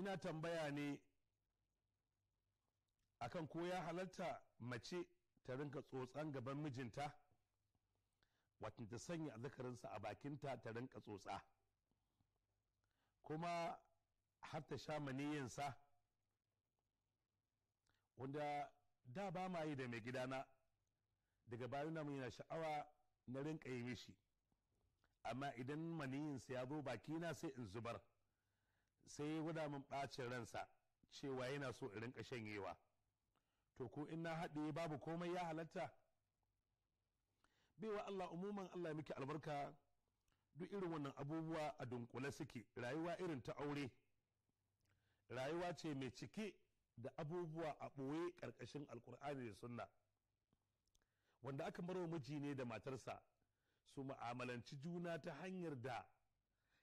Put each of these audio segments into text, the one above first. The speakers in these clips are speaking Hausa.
ina tambaya ne akan ko ya halarta mace ta rinka tsotsan gaban mijinta wata ta sanya zakarinsa a bakinta ta rinka tsotsa kuma har ta sha maniyinsa wanda da ba ma yi da mai gidana daga bayan na yana sha'awa na rinka yi mishi amma idan maniyinsa ya zo bakina sai in zubar sai ya gwada min ɓacin ransa cewa yana so in rinka shanyewa to ko in na haɗe babu komai ya halatta baiwa Allah umuman Allah miki albarka duk irin wannan abubuwa a dunkule suke rayuwa irin ta aure rayuwa ce mai cike da abubuwa a ɓoye ƙarƙashin alkur'ani da sunna wanda aka wa miji ne da matarsa su ma'amalanci juna ta hanyar da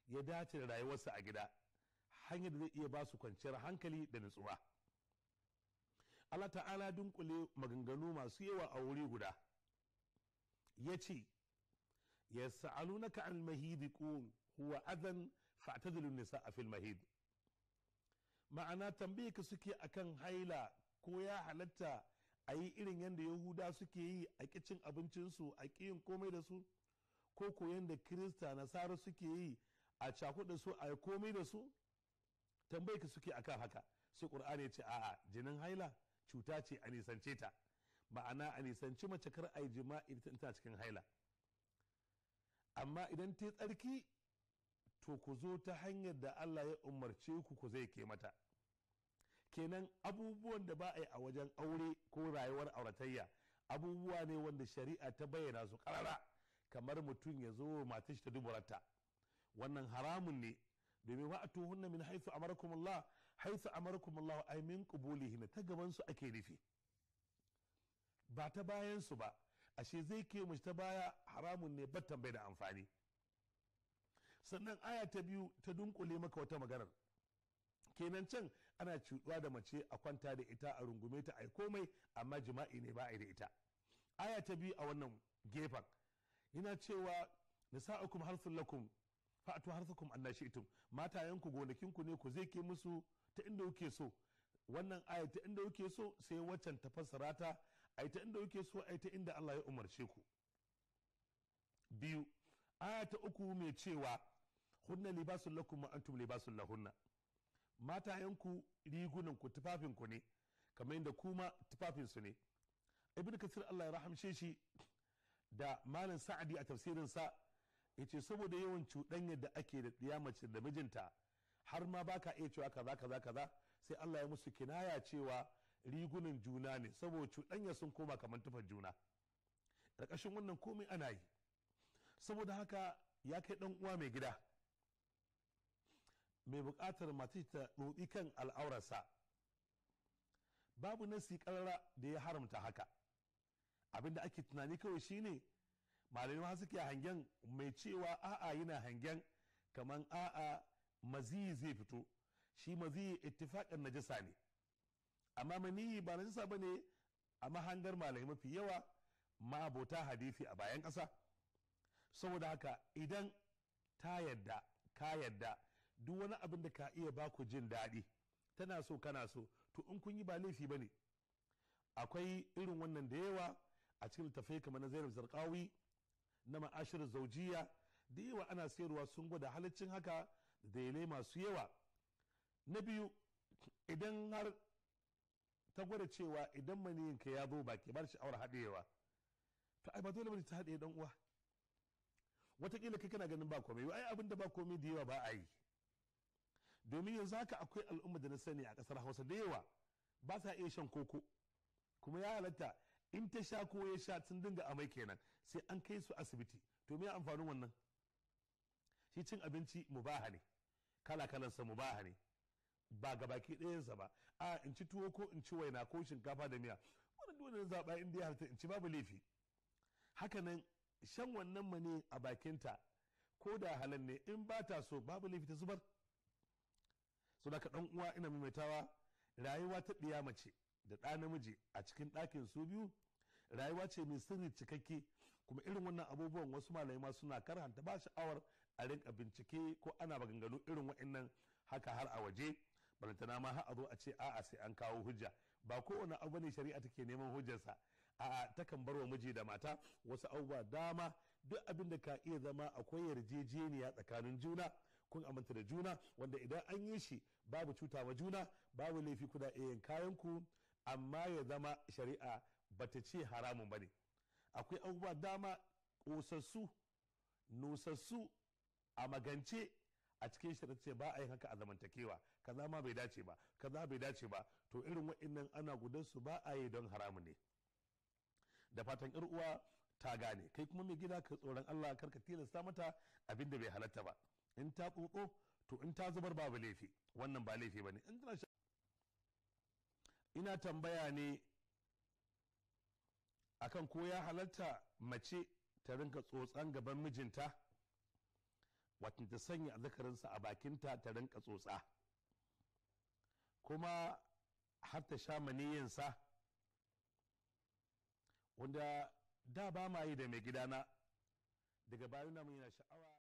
ya dace da rayuwarsa a gida hanyar da zai iya ba su kwanciyar hankali da nutsuwa Allah ta'ala dunkule maganganu masu yawa a wuri guda ya ce ya na al mahidi qul huwa adan fa'tadilu nisa a fil mahid ma'ana tambaye ka suke kan haila ko ya halatta a yi irin yadda yahuda suke yi a kicin abincinsu a ƙiyin komai da su ko ko yadda kirista nasara suke yi a cakuɗa su a yi komai da su tambayi ka suke akan haka sai qur'ani ya ce a'a jinin haila cuta ce a nisance ta ma'ana a nisanci mace kar a yi jima'i ta cikin haila amma idan ta tsarki to ku zo ta hanyar da Allah ya umarce ku ku zai ke mata kenan abubuwan da ba a yi a wajen aure ko rayuwar auratayya abubuwa ne wanda shari'a ta bayyana su karara kamar mutum ya zo matashi ta duburarta wannan haramun ne domin wa atuhunna min haythu amarakumullah haythu amarakumullah ay min qubulihin ta gaban su ake nufi ba ta bayan su ba ashe zai ke mu ta baya haramun ne ba tambayi da amfani sannan aya ta biyu ta dunkule maka wata maganar kenan can ana cuɗuwa da mace a kwanta da ita a rungume ta ai komai amma jima'i ne ba a da ita aya ta biyu a wannan gefen yana cewa nisa'ukum harsun lakum fa'atu shi itum Matayanku gonakin ku ne ku zai ke musu ta inda kuke so wannan aya ta inda kuke so sai waccan ta fassara ta ai ta inda kuke so ai ta inda Allah ya umarce ku biyu aya ta uku mai cewa hunna libasul lakum wa antum libasul lahunna ku rigunanku tufafinku ne kamar yadda kuma tufafinsu ne ibnu kasir Allah ya rahamshe shi da malam sa'adi a tafsirin sa yace saboda yawan cuɗanya da ake da ɗiya mace da mijinta har ma baka iya cewa kaza kaza kaza sai Allah ya musu kinaya cewa rigunan juna ne saboda cuɗanya sun koma kamar tufan juna ƙarƙashin wannan komai ana yi saboda haka ya kai ɗan uwa mai gida mai buƙatar mace ta roƙi kan al'aurarsa babu nasi ƙarara da ya haramta haka abinda ake tunani kawai shine malamai suke hangen mai cewa a'a yana hangen kamar a'a mazi zai fito shi mazi ittifakan najasa ne amma mani ba najasa ba ne a mahangar malamai mafi yawa ma abota hadisi a bayan ƙasa saboda haka idan ta yadda ka yadda duk wani abin da ka iya ba ku jin daɗi tana so kana so to in kun yi ba laifi ba ne akwai irin wannan da yawa a cikin tafai kamar na zainab zarqawi na ma'ashir zaujiya da yawa ana sayarwa sun gwada halicin haka da dalilai masu yawa na biyu idan har ta gwada cewa idan maniyinka ya zo baki ba sha'awar haɗewa to ai ba dole bane ta haɗe dan uwa watakila kai kana ganin ba komai ai abinda ba komai da yawa ba a yi domin yanzu haka akwai al'umma da na sani a ƙasar hausa da yawa ba sa iya shan koko kuma ya halatta in ta sha ko ya sha sun dinga amai kenan sai an kai su asibiti to me amfanin wannan shi cin abinci mubaha ne kala kalansa mubaha ne ba ga baki ɗayansa ba a in ci tuwo ko in ci waina ko shinkafa da miya wani dole zaɓa in dai harta in ci babu laifi hakanan shan wannan mane a bakinta ko da halan ne in ba ta so babu laifi ta zubar so da ɗan uwa ina maimaitawa rayuwa ta ɗiya mace da ɗa namiji a cikin ɗakin su biyu rayuwa ce mai sirri cikakke kuma irin wannan abubuwan wasu malamai ma suna karanta ba sha'awar a rinka bincike ko ana maganganu irin wa'annan haka har a waje balantana ma har a zo a ce a'a sai an kawo hujja ba kowane abu ne shari'a take neman hujjarsa a'a takan bar wa miji da mata wasu abubuwa dama duk abin da ka iya zama akwai yarjejeniya tsakanin juna kun aminta da juna wanda idan an yi shi babu cuta ma juna babu laifi kuna iya yin kayan ku amma ya zama shari'a bata ce haramun ba ne. akwai abubuwa dama ƙusassu, nusassu a magance a cikin shi ce ba a yin haka a zamantakewa kaza ma bai dace ba kaza bai dace ba to irin wa'annan ana gudan su ba a yi don haramu ne da fatan yar uwa ta gane kai kuma mai gida ka tsoron Allah kar ka tilasta mata abin da bai halatta ba in ta tsotso to in ta zubar babu laifi wannan ba laifi bane in ina tambaya ne akan ko ya halarta mace ta rinka tsotsan gaban mijinta watan ta sanya azzakarinsa a bakinta ta rinka tsotsa kuma har ta sha maniyinsa wanda da ba ma yi da mai gidana daga bayan namu yana sha'awa